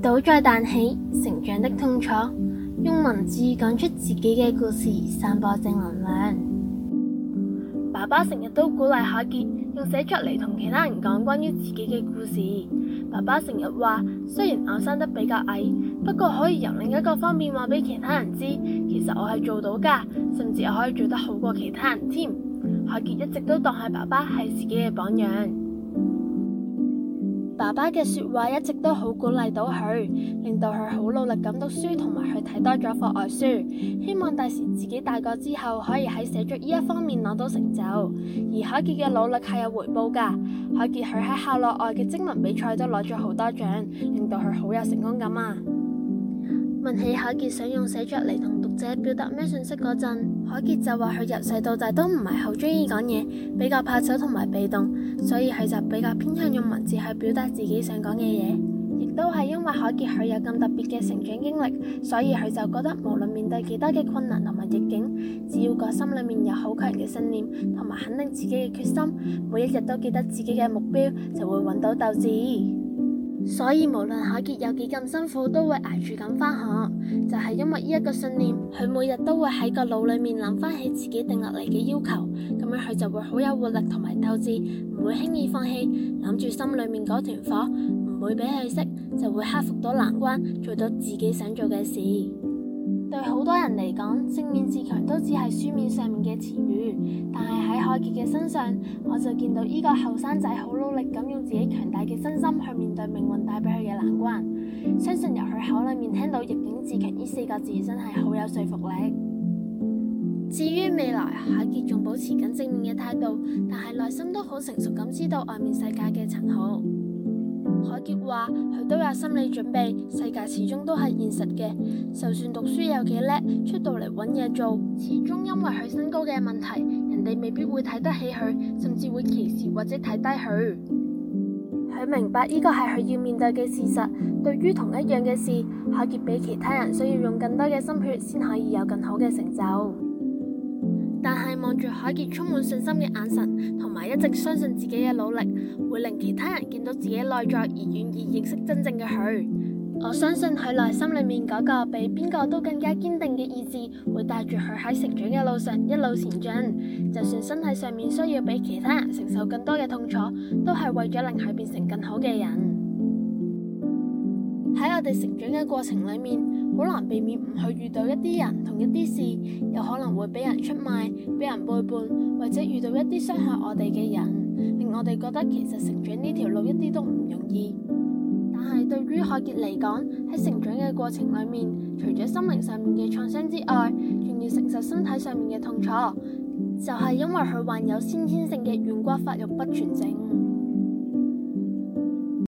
倒再彈起，成長的痛楚，用文字講出自己嘅故事，散播正能量。爸爸成日都鼓勵凱傑用寫作嚟同其他人講關於自己嘅故事。爸爸成日話，雖然我生得比較矮，不過可以由另一個方面話俾其他人知，其實我係做到㗎，甚至又可以做得好過其他人添。凱傑一直都當係爸爸係自己嘅榜樣。爸爸嘅說話一直都好鼓勵到佢，令到佢好努力咁讀書同埋去睇多咗課外書，希望第時自己大個之後可以喺寫作呢一方面攞到成就。而凱傑嘅努力係有回報噶，凱傑佢喺校內外嘅徵文比賽都攞咗好多獎，令到佢好有成功感啊！問起凱傑想用寫作嚟同讀者表達咩信息嗰陣，凱傑就話佢由細到大都唔係好中意講嘢，比較怕醜同埋被動，所以佢就比較偏向用文字去表達自己想講嘅嘢。亦都係因為凱傑佢有咁特別嘅成長經歷，所以佢就覺得無論面對幾多嘅困難同埋逆境，只要個心裏面有好強嘅信念同埋肯定自己嘅決心，每一日都記得自己嘅目標，就會揾到鬥志。所以無論凱傑有幾咁辛苦，都會挨住咁返學，就係因為呢一個信念，佢每日都會喺個腦裏面諗翻起自己定落嚟嘅要求，咁樣佢就會好有活力同埋鬥志，唔會輕易放棄，諗住心裏面嗰團火，唔會俾佢熄，就會克服到難關，做到自己想做嘅事。對好多人嚟講，正面自強都只係書面上面嘅詞語，但係喺海杰嘅身上，我就見到依個後生仔好努力咁用自己強大嘅身心去面對命運帶俾佢嘅難關。相信由佢口裏面聽到逆境自強呢四個字，真係好有說服力。至於未來，海杰仲保持緊正面嘅態度，但係內心都好成熟咁知道外面世界嘅陳好。海杰話：佢都有心理準備，世界始終都係現實嘅。就算讀書有幾叻，出到嚟揾嘢做，始終因為佢身高嘅問題，人哋未必會睇得起佢，甚至會歧視或者睇低佢。佢明白呢個係佢要面對嘅事實。對於同一樣嘅事，凱傑比其他人需要用更多嘅心血，先可以有更好嘅成就。但係望住海杰充滿信心嘅眼神，同埋一直相信自己嘅努力，會令其他人見到自己內在而願意認識真正嘅佢。我相信佢內心裏面嗰個比邊個都更加堅定嘅意志，會帶住佢喺成長嘅路上一路前進。就算身體上面需要比其他人承受更多嘅痛楚，都係為咗令佢變成更好嘅人。喺我哋成長嘅過程裏面，好難避免唔去遇到一啲人同一啲事，有可能會俾人出賣、俾人背叛，或者遇到一啲傷害我哋嘅人，令我哋覺得其實成長呢條路一啲都唔容易。但係對於凱傑嚟講，喺成長嘅過程裏面，除咗心靈上面嘅創傷之外，仲要承受身體上面嘅痛楚，就係、是、因為佢患有先天性嘅軟骨發育不全症。